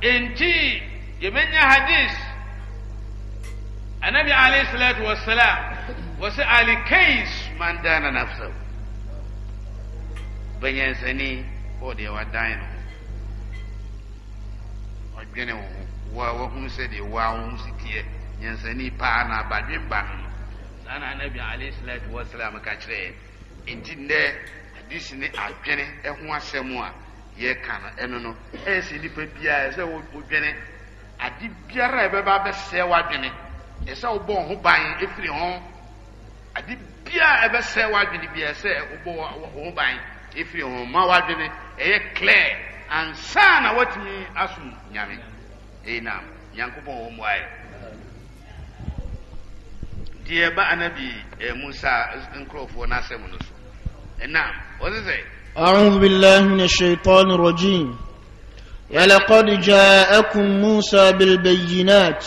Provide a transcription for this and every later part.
enti yɛbɛnya hadis annabi alayhi salatu wassalam wasu alikais man dana nafsahu banyansani ɔde ɛwa dan no ɔdwene wo ho wa wahu sɛdeɛ waa wo ho si teɛ nyansani paa na abadwen ba no no saa na annabi alayhi salatu wassalam ka kyerɛɛ enti nnɛ hadis ne adwene ho asɛm a yɛreka no ɛno no ɛsɛ nipa biara ɛsɛ wodwene ade biara a ɛbɛba abɛsɛɛ w'adwene ɛsɛ wobɔ wo ho ban ɛfiri ho ade biara a ɛbɛsɛɛ w'adwene biara ɛsɛ wobɔ wo ho ban ɛfiri ho ma w'adwene ɛyɛ clear ansa na watumi asom nyame ɛnam nyankopɔn wɔ mmoaɛ deɛ ba anabi eh, musa nkurɔfoɔ no asɛm no so ɛnam ɔse sɛ أعوذ بالله من الشيطان الرجيم ولقد جاءكم موسى بالبينات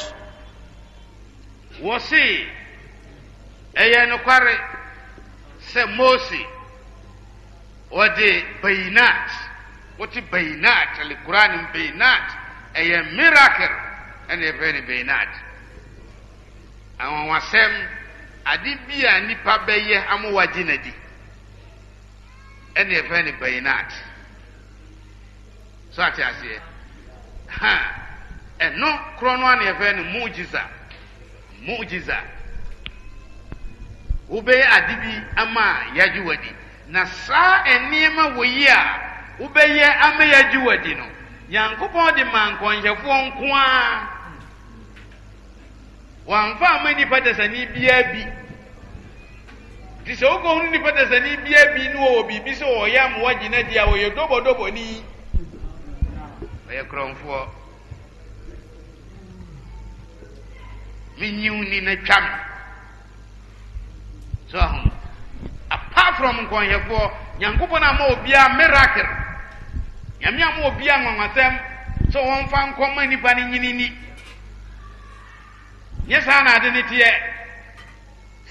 وسي أي نقر سموسي ودي بينات وتي بينات القرآن بينات أي ميراكل أن يبين بينات أما وسم أدي بيا نيبا بيه أمو وجنة ɛna yɛfrɛ no bayinat so ate aseɛ ha ɛno korɔ no ana yɛfrɛ no mugiza mugiza wobɛyɛ ade bi ama yɛagye wadi na saa nneɛma wɔ yi a wobɛyɛ ama yɛagye wadi no nyankopɔn de ma nkɔnhyɛfoɔ nko a wɔamfa ama nnipa dasani biara bi nti sɛ wokɔhunu nipa dasani bia bi ne wɔwɔ biribi sɛ wɔyɛ amoa gyina di a wɔyɛ dɔbɔdɔbɔni ɔyɛ korɔmfoɔ menyiw ni na twam so ahom apart from nkɔnhwɛfoɔ nyankopɔn ama obiaa miracle nyame ama obiaa nwanwasɛm sɛ wɔmfa nkɔma nnipa no nyinini nyɛ saa na ade ne teɛ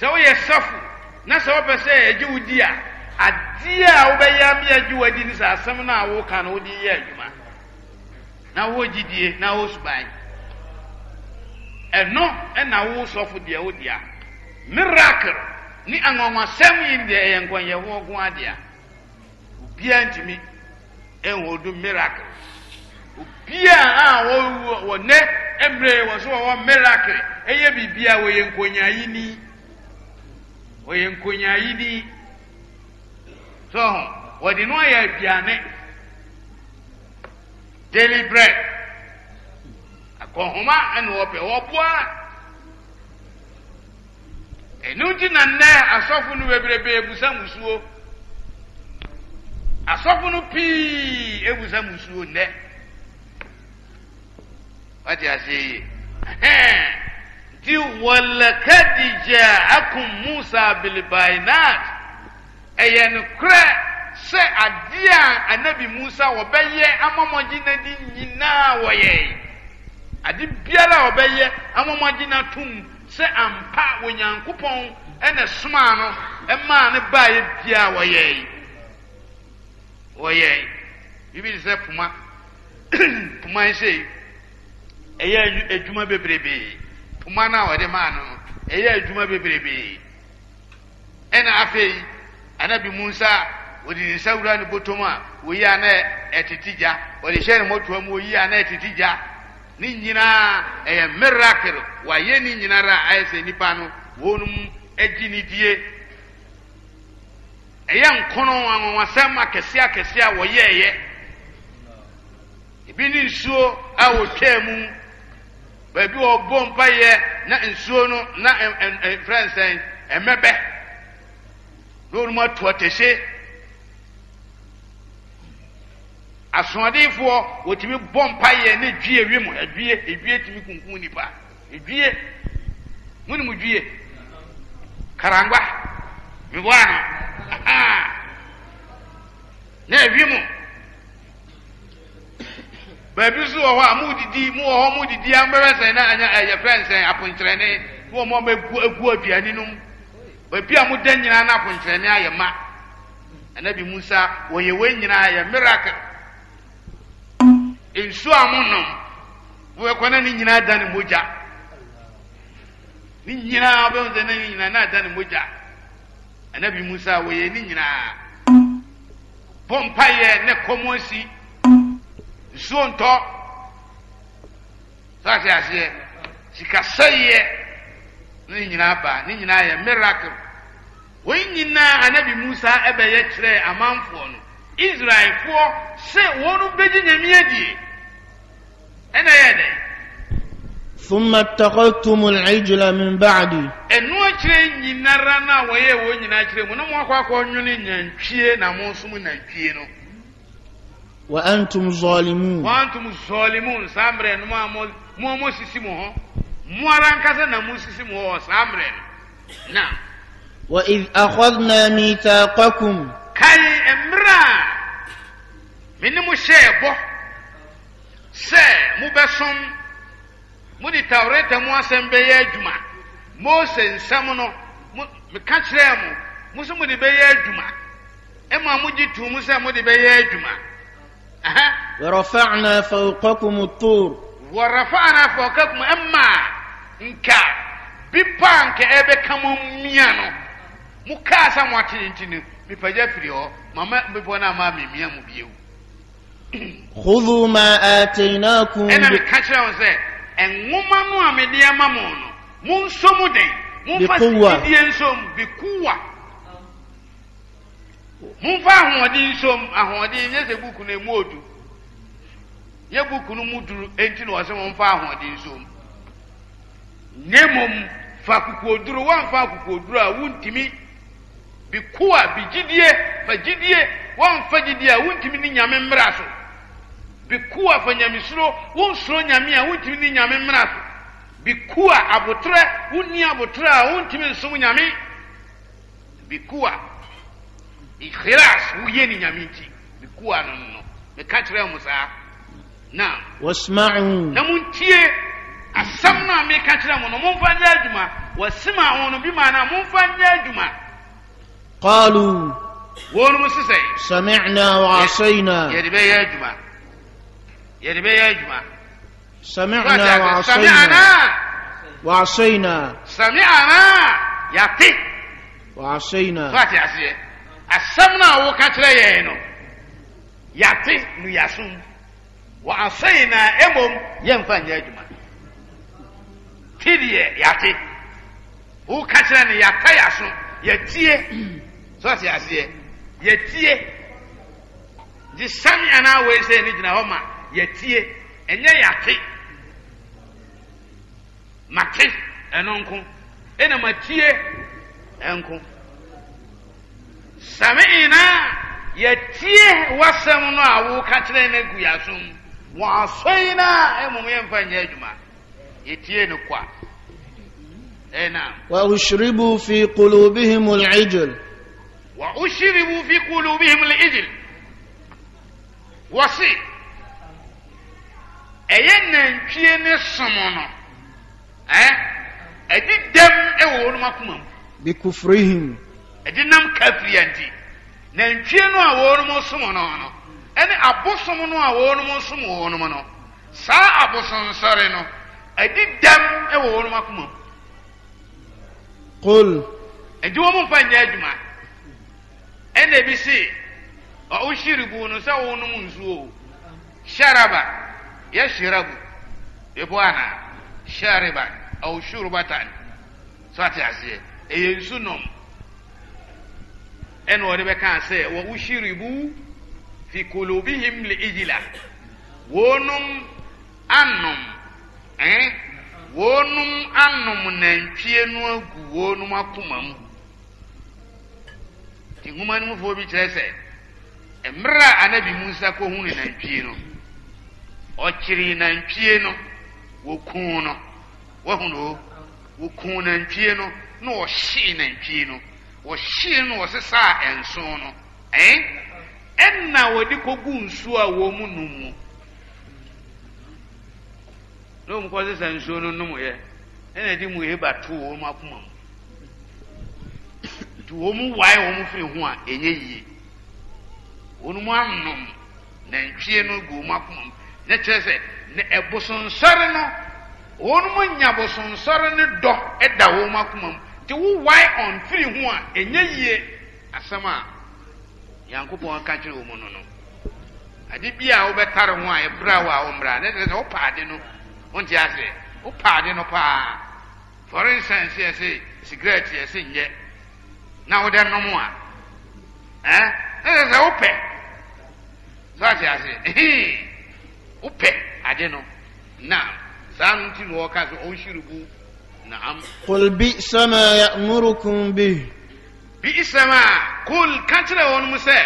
sɛ woyɛ safo na sɛ wopɛ sɛ agye wo a adeɛ a wobɛyɛ ama agye wo adi ne sɛ asɛm no a woka no wode yɛ adwuma na wowɔ gyidie na wowɔ suban ɛno ɛna wo sɔfo deɛ wo miracle ne anwanwasɛm yi deɛ ɛyɛ nkɔnyɛhoɔ ntumi ɛnhɔdu miracle a wɔwɔ nɛ mmerɛ wɔ so wɔwɔ miracle ɛyɛ biribia wɔyɛ nkonyayini onye nkonyayini so wɔde no ayɛ aduane daily bread akɔhoma ɛna wɔpɛ wɔboa ɛno nti na nnɛ asɔfo no ebusa musuo asɔfo pii ebusa musuo dị wɔte ase yie tí wọlẹkẹdì jẹ akun musa bilibainat ẹyẹ nukurẹ sẹ adeɛ a anabi musa wɔbɛyɛ amamɔgye n'adi nyinaa wɔyɛ ade biara a wɔbɛyɛ amamɔgye n'atum sɛ ampa onyankopɔn ɛna somaa no ɛmaa ne baayɛ biara wɔyɛ wɔyɛ bibi sɛ poma poma yi sɛ ɛyɛ adwuma bebrebee poma no a wɔde maa no no ɛyɛ adwuma bebrebee ɛna afei anabi musa a wɔde ne nsa wura ne bɔtɔm a wɔyi a na ɛtete gya wɔde hyɛ ne mmɔtoa mu wɔyi a na ɛtete gya ne nyinaa ɛyɛ miracle wɔayɛ ne nyinara ayɛ sɛ nnipa no wɔnom agyi ne die ɛyɛ nkono anwanwasɛm akɛseɛ akɛseɛ a wɔyɛɛyɛ ebi ne nsuo a wɔtwaa mu baabi a ɔbɔ mpayɛ na nsuo no na mfrɛ nsɛn eh, ɛmɛbɛ eh, na ɔnom ato atɛhyɛ asoɔdenfoɔ wɔtumi bɔ eh, mpayɛ na dwie ewiem edwie edwie tumi kunkum nipa edwie munim dwie karangba mibɔ ano na ewiem. baabi eh, so wɔ hɔ a modidi mu wɔ hɔ modidi ambɛrɛ sɛn na anya ɛyɛ fɛn sɛn aponkyerɛne na wɔn a wɔagu agu aduane no mu ebi a moda nyinaa na aponkyerɛne ayɛ ma anabi musa wɔyɛ wɔn nyinaa yɛ miracle Nsu a monom wɔkɔ na ne nyinaa da ne mogya ne nyinaa bɛn sɛ ne nyinaa na da ne mogya anabi musa wɔyɛ ne nyinaa bɔ mpaeɛ ne kɔmɔ si. nsuo ntɔ so ate aseɛ sikasɛyeɛ ne nyinaa baa ne nyinaa yɛ miracle wɔn anabi musa ɛbɛyɛ kyerɛ amanfoɔ no israelfoɔ sɛ wɔn bɛgye nyame adie ɛna ɛyɛ dɛn ثم اتخذتم العجل من بعدي ɛno akyerɛ nyinara no a wɔyɛ wɔn nyinaa kyerɛ mu na mo akɔ akɔ nantwie na mo nantwie wa antum zalimun wa antum zalimun samre no mo mo mo sisi mo ho mo arankasa na mo sisi mo ho samre no na wa id akhadna mithaqakum kai emra min mo shebo se mo besom mo di tawreta mo asem be ye adwuma mose nsɛm no me ka kyerɛ mo mo so mo de bɛyɛ adwuma ɛma mo gye to mu sɛ mo de bɛyɛ adwuma ورفعنا فوقكم الطور ورفعنا فوقكم أما نكا بيبا نكا إبا كم ميانو مكاسا مواتين mipagya firi hɔ mama bepɔ no ama memia mu bio khudhu ma atainakum ɛna meka kyerɛ wo sɛ ɛnwoma no a mede ama mo no monso mu den momfa sididie nsom bikuwa mumfa ahoɔden nsom ahoɔden nyɛ sɛ buku no emu odu yɛ buku no mu duru enti na wɔsɛ mumfa ahoɔden nsom na mmom fa kukuoduro wɔmfa kukuoduro a wontumi bi koa bi gyidie fa gyidie wɔmfa gyidie a wontumi ne nyame mmra so bi koa fa nyamesuro wonsuro nyame a wontumi ne nyame mmra so bi koa abotrɛ wonni abotrɛ a wontumi nsom nyame bi koa ikhlas woyɛ ne nyame nti mekua no no meka kyerɛ mo saa na wasma'u na montie asɛm no a meka kyerɛ mo no momfa nyɛ adwuma wasima ho no bi maana momfa nyɛ adwuma qalu wɔnom se sɛ sami'na wa yɛde bɛyɛ adwuma yɛde bɛyɛ adwuma sami'na wa asaina sami'na yate wa asaina aseɛ asɛm no a woka kyerɛ yɛn no yɛate no yɛasom wɔ asɛi na mmom yɛmfa nyɛ adwuma ti deɛ yɛate woka kyerɛ no yɛata yɛaso yɛtie sɛ ɔte aseɛ yɛtie gye sane anaa wei sɛ no gyina hɔ ma yɛtie ɛnyɛ yɛate mate ɛno nko ɛna matie ɛnko sami'na yɛtie w'asɛm no a woka kyerɛ no agu yɛaso mu wɔasɔi no a mmom yɛmfa nyɛ adwuma yɛtie no kwa ɛnam وأشربوا في قلوبهم العجل وأشربوا في قلوبهم العجل wɔse ɛyɛ nantwie ne som no ɛ ɛdi dɛm ɛwɔ wɔnom akoma mu bikufrihim ɛde nam kafiri anti nantwie no a wɔnom som no no ɛne abosom no a wɔnom som wɔnom no saa abosonsɔre no ɛde dɛm ɛwɔ wɔnom akoma mu kol ɛnti wɔn mfa nyɛ adwuma ɛna ebi se ɔwo hyiribu no sɛ wɔnom nsuo hyaraba yɛhyirabu ebo ana hyariba ɔwo shurubatan so ate aseɛ ɛyɛ nsu nom ɛna ɔde bɛkaa sɛ wɔwohyiribu fi kolobihim le ijila wɔnom anom ɛn wɔnom anom nantwie no agu wɔnom akoma mu nti nwoma no mufoɔ bi kyerɛ sɛ mmerɛ a anabi musa kɔhunu nantwie no ɔkyere nantwie no wɔkuu no wahunu o wɔkuu nantwie no na ɔhyee nantwie no wɔhyee no wɔsesaa ɛnso no ɛn ɛnna wɔde kɔgu nsuo a wɔn mu nom mu na wɔn kɔsesa nsuo no nom yɛ ɛnna ɛde mu heba to wɔn akoma mu nti wɔn mu wae wɔn firi ho a ɛnyɛ yie wɔn mu anom nantwie no gu wɔn akoma mu na kyerɛ sɛ na ɛbosonsɔre no wɔn mu nya bosonsɔre no dɔ ɛda wɔn akoma mu. nti wowae ɔmfiri ho a ɛnyɛ yie asɛm a nyankopɔn ka kyerɛ wɔ mu no no ade bi a wobɛtare ho a ɛbrɛ wo a wo mmra ne sɛ no wonte paa for instance yɛ sɛ cigarette yɛ nyɛ na wode nom a ne sɛ wopɛ so ate ase wopɛ ade no na saa no nti na wɔka Naam. Qul bi'sa ma ya'murukum bih. Bi'sa ma qul kantira won musa.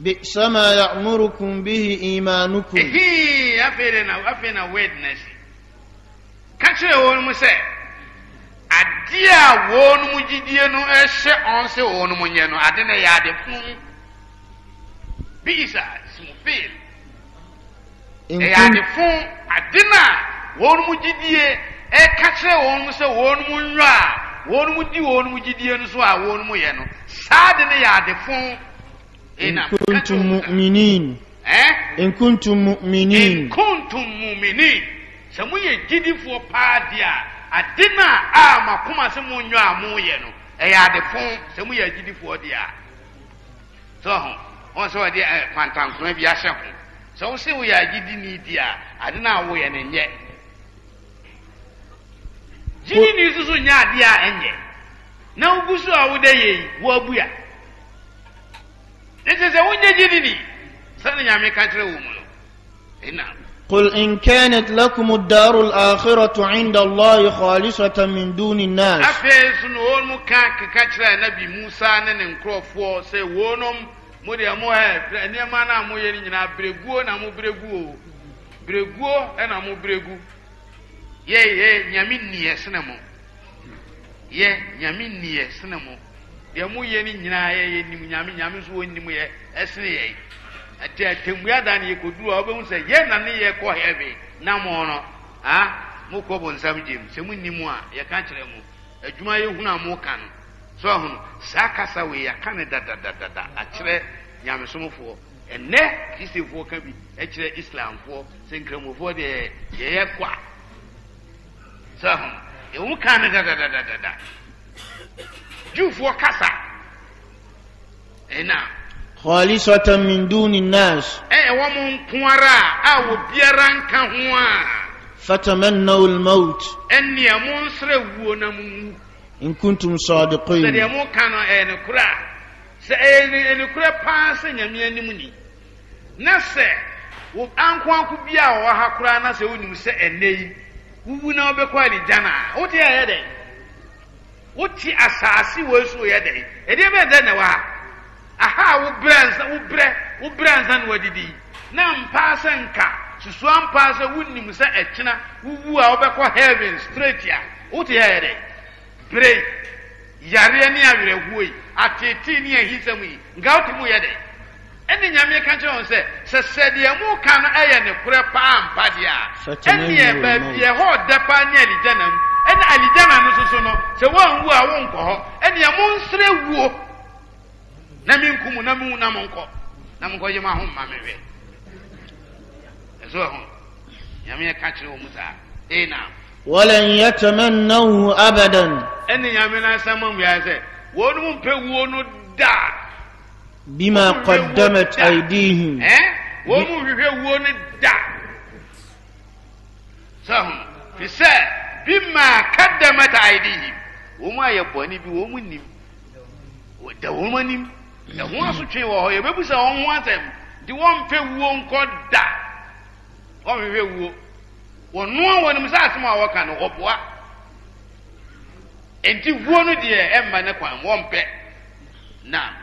Bi'sa ma ya'murukum bihi imanukum. Ehi afere na afena witness. Kantira won musa. Ade a won mu gidie no ehye on won mu nye no ade ne ya ade fun. Bi'sa smufil. Eya ade fun ade won mu gidie ɛka kyerɛ wɔn mu sɛ wɔn mu nnwɔ a wɔn mu di wɔn mu gyidie no so a wɔn mu yɛ no saa de ne yɛ adefo ɛnam nkuntum muminin ɛɛ eh? nkuntum muminin nkuntum muminin sɛ mo yɛ gyidifoɔ paa di a ade na a a mo akoma sɛ mo nnwɔ a mo yɛ no ɛyɛ adefo sɛ mo yɛ gyidifoɔ di a sɛ ho wɔn sɛ wɔde ɛɛ kwantankora bi ahyɛ ho sɛ wɔn sɛ wɔyɛ agyidini di a ade na a wɔyɛ no nyɛ. tirinwi nso so nyɛ adeɛ a ɛnyɛ na wogu so a woda yɛi woabu a nti sɛ wonyɛ gyinini sɛne nyame ka kyerɛ wo mu no ɛnam قل إن كانت لكم الدار الآخرة عند الله خالصة من دون الناس أفيس نون كاك كاترا نبي موسى نن كروفو سي وونم مودي مو هي نيما نا مو يني نينا برغو نا مو برغو برغو انا مو برغو yɛyɛ nyame nniɛ sena mu yɛ nyame nniɛ sena mu deɛ moyɛ no nyinaa yɛyɛ nim nyame nyame nso wɔnim yɛ ɛsene yɛi da yɛkɔduru a wobɛhu sɛ yɛ na ne yɛ kɔ hɛbe na mo no a mokɔ bɔnsam gyem sɛ monnim a yɛka kyerɛ mu adwuma yɛhunu a moka no so ahono saa kasa wei yɛaka ne dadadadada akyerɛ nyamesomfoɔ ɛnɛ kristifoɔ ka bi ɛkyerɛ islamfoɔ sɛ nkramofoɔ deɛ yɛyɛ a sɛho ɛwom ka no dadadadadada jufoɔ kasa ɛna khalisatan min duni nnas ɛwɔ eh, mo nko ara a obiara nka ho a fatamannau almaut ɛnneɛ monsrɛ wuo na monwu in kuntum sadiqin sɛdeɛ moka no ɛyɛ nokorɛ sɛ ɛyɛ nokorɛ paa sɛ nyame anim ni na sɛ ankoanko bi a wɔwɔ ha koraa na sɛ wonim sɛ ɛnɛ yi wuwu na wobɛkɔ aligyana a wote ɛyɛ dɛn wote asase wɔ so ya dɛn ɛdeɛ bɛɛ dɛ na wɔ a aha wobrɛ nsa wobrɛ wobrɛ nsa na wadidi na mpaa sɛ nka susua mpaa sɛ wonim sɛ ɛkyena wuwu a wobɛkɔ heaven straight a wote ɛyɛ dɛn bere yareɛ ne awerɛhoɔ yi ateetee ne ahisɛm yi nka wote mu yɛ dɛn ɛne nyame ka kyerɛ ho sɛ sɛ sɛ deɛ moka no ɛyɛ ne korɛ paa mpa deɛ a ɛneɛ baabiɛ hɔ ɔda paa ne aligyana mu ɛne aligyana no soso no sɛ woanwu a wonkɔ hɔ ɛneɛ monsrɛ wuo na menku mu na mewu na monkɔ na monkɔ yɛ m aho mma mehwɛ ɛso ɛho nyame ka kyerɛ wɔ mu saa ɛna wɔlɛn yɛtɛmɛnnahu abadan ɛne nyame no asɛm awia sɛ wɔnom mpɛ wuo bima qaddamat aydihim wɔn mu hwehwɛ wuo no da sɛho fi sɛ bima qaddamat aydihim wɔn mu ayɛ bɔne bi wɔn mu nim da wɔn mu anim ɛho asotwe wɔ hɔ yɛbɛbu sɛ wɔn ho asɛm de wɔn mpɛ wuo nkɔ da wɔn hwehwɛ wuo wɔnoa wɔn nim sɛ asɛm a wɔka no wɔboa nti wuo no deɛ ɛmma ne kwan wɔmpɛ naam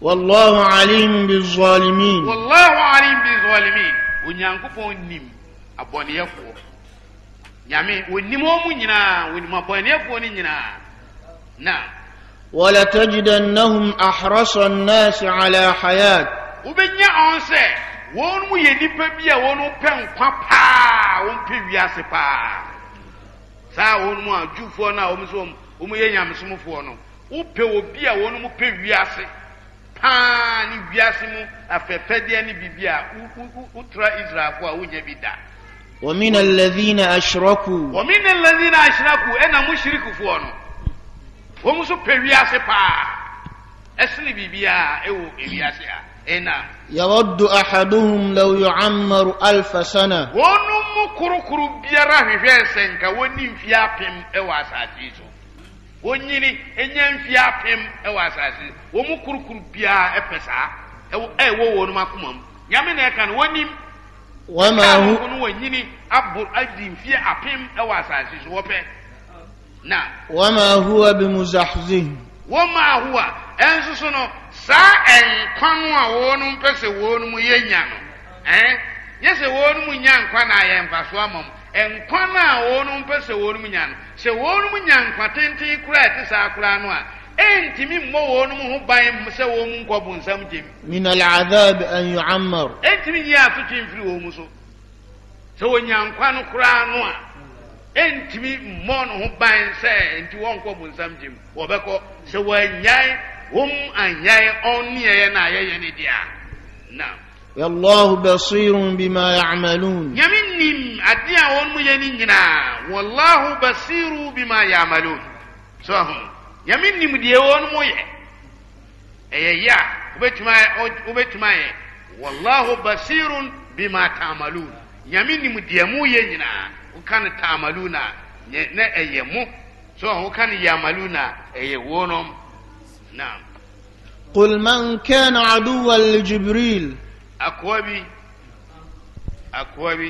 wallahu alim bizzalimin wallahu alim bizzalimin onyankopɔn nim abɔneyɛfoɔ nyame onim ɔmu nyinaa onim abɔneyɛfoɔ no nyinaa na ولتجدنهم أحرص الناس على حياة وبنيا أنسى wɔn mu yɛ nipa bi a wɔn pɛ nkwa paa wɔn pɛ wiase paa saa wɔn mu a jufoɔ no a wɔn yɛ nyamesomfoɔ no wopɛ obi a wɔn mu pɛ wiase paa ne wiase mu afɛpɛdeɛ ne biribi a wotra israelfoɔ a wonya bi da ومن الذين أشركوا ومن الذين أشركوا أنا مشرك فون ومسو بياسي با أسني بيبيا أو بياسي أنا يود أحدهم لو يعمر ألف سنة ونمو كرو كرو بيرا في فيسنك ونم فيا بيم أو أساتيسو onyini ɛnya mfie apem ɛwɔ asase wɔn mu kurukuru biara ɛpɛ saa ɛwɔ ɛwɔ wɔn akoma mu nyame na ɛka no wɔnim wɔmaa ho wɔn wɔnyini abo adi mfie apem ɛwɔ asase so wɔpɛ na. wɔmaa ho a bi mu zahzin. wɔmaa ho a ɛnso no saa ɛnkwan a wɔn mpɛ sɛ wɔn mu yɛ nya no ɛn yɛ sɛ wɔn mu nya nkwan a yɛn mfa so ama mu. nkwan a wɔnom pɛ sɛ mu nya no sɛ wɔnom nya nkwa tenten koraa ɛte saa koraa no a ɛntumi mmɔ ho ban sɛ wɔn mu nkɔbo nsam gyem min alazab an ɛntumi nyi wɔn mu so sɛ nkwa no no a ɛntumi mmɔ no ho ban sɛ nti wɔbɛkɔ sɛ yɛyɛ deɛ Allahu basirun bima ya'malun. Nyame nim ade a wɔn mu yɛ ne nyinaa. Wallahu basiru bima ya'malun. So ho. Nyame nim deɛ wɔn mu yɛ. Ɛyɛ yɛ a wobɛtuma wobɛtuma yɛ. Wallahu basirun bima ta'malun. Nyame nim deɛ mu yɛ nyinaa. Woka no ta'malun a na ɛyɛ mu. So ho woka no ya'malun a ɛyɛ wɔnom. Naam. قل من كان عدوا لجبريل akwabi akwabi